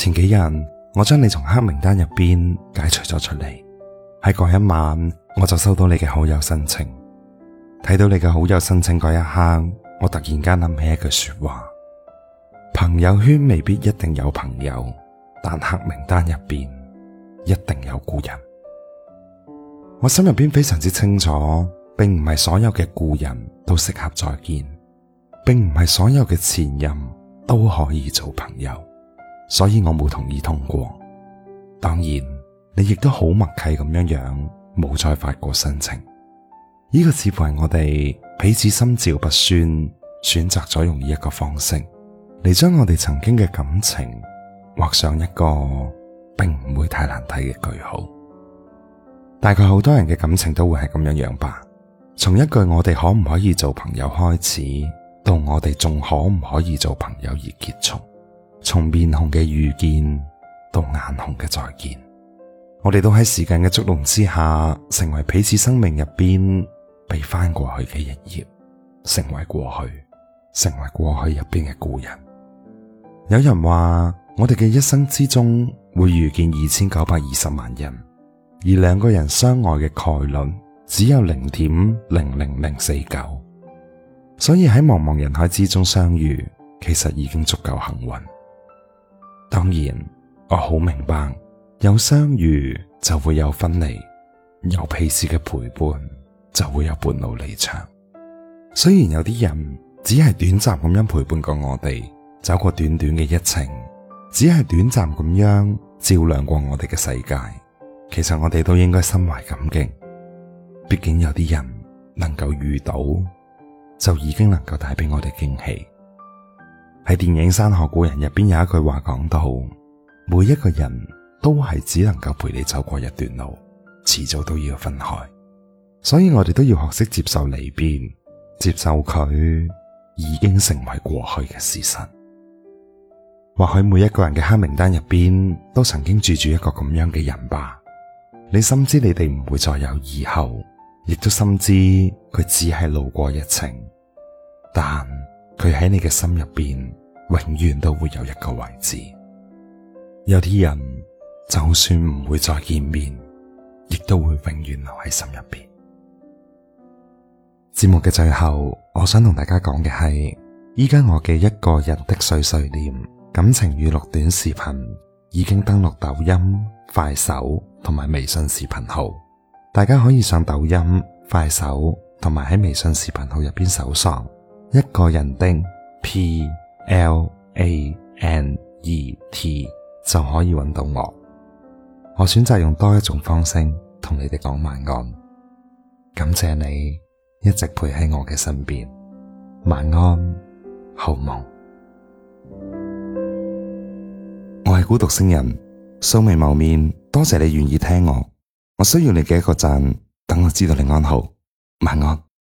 前幾日，我將你從黑名單入邊解除咗出嚟。喺嗰一晚，我就收到你嘅好友申請。睇到你嘅好友申請嗰一刻，我突然間諗起一句說話：朋友圈未必一定有朋友，但黑名單入邊一定有故人。我心入邊非常之清楚，並唔係所有嘅故人都適合再見，並唔係所有嘅前任都可以做朋友。所以我冇同意通過，當然你亦都好默契咁樣樣，冇再發過申請。呢個似乎係我哋彼此心照不宣，選擇咗用呢一個方式嚟將我哋曾經嘅感情畫上一個並唔會太難睇嘅句號。大概好多人嘅感情都會係咁樣樣吧，從一句我哋可唔可以做朋友開始，到我哋仲可唔可以做朋友而結束。從面紅嘅遇見到眼紅嘅再見，我哋都喺時間嘅捉弄之下，成為彼此生命入邊被翻過去嘅一頁，成為過去，成為過去入邊嘅故人。有人話，我哋嘅一生之中會遇見二千九百二十萬人，而兩個人相愛嘅概率只有零點零零零四九，所以喺茫茫人海之中相遇，其實已經足夠幸運。當然，我好明白，有相遇就會有分離，有彼此嘅陪伴就會有半路離場。雖然有啲人只係短暫咁樣陪伴過我哋，走過短短嘅一程，只係短暫咁樣照亮過我哋嘅世界，其實我哋都應該心懷感激。畢竟有啲人能夠遇到，就已經能夠帶俾我哋驚喜。喺電影《山河故人》入邊有一句話講到，每一個人都係只能夠陪你走過一段路，遲早都要分開，所以我哋都要學識接受離別，接受佢已經成為過去嘅事實。或許每一個人嘅黑名單入邊都曾經住住一個咁樣嘅人吧，你深知你哋唔會再有以後，亦都深知佢只係路過一程，但佢喺你嘅心入邊。永遠都會有一個位置，有啲人就算唔會再見面，亦都會永遠留喺心入邊。節目嘅最後，我想同大家講嘅係，依家我嘅一個人的碎碎念感情語錄短視頻已經登錄抖音、快手同埋微信視頻號，大家可以上抖音、快手同埋喺微信視頻號入邊搜索一個人的 P。L A N E T 就可以揾到我。我選擇用多一種方式同你哋講晚安，感謝你一直陪喺我嘅身邊。晚安，好夢。我係孤獨星人，素未謀面，多謝你願意聽我。我需要你嘅一個讚，等我知道你安好。晚安。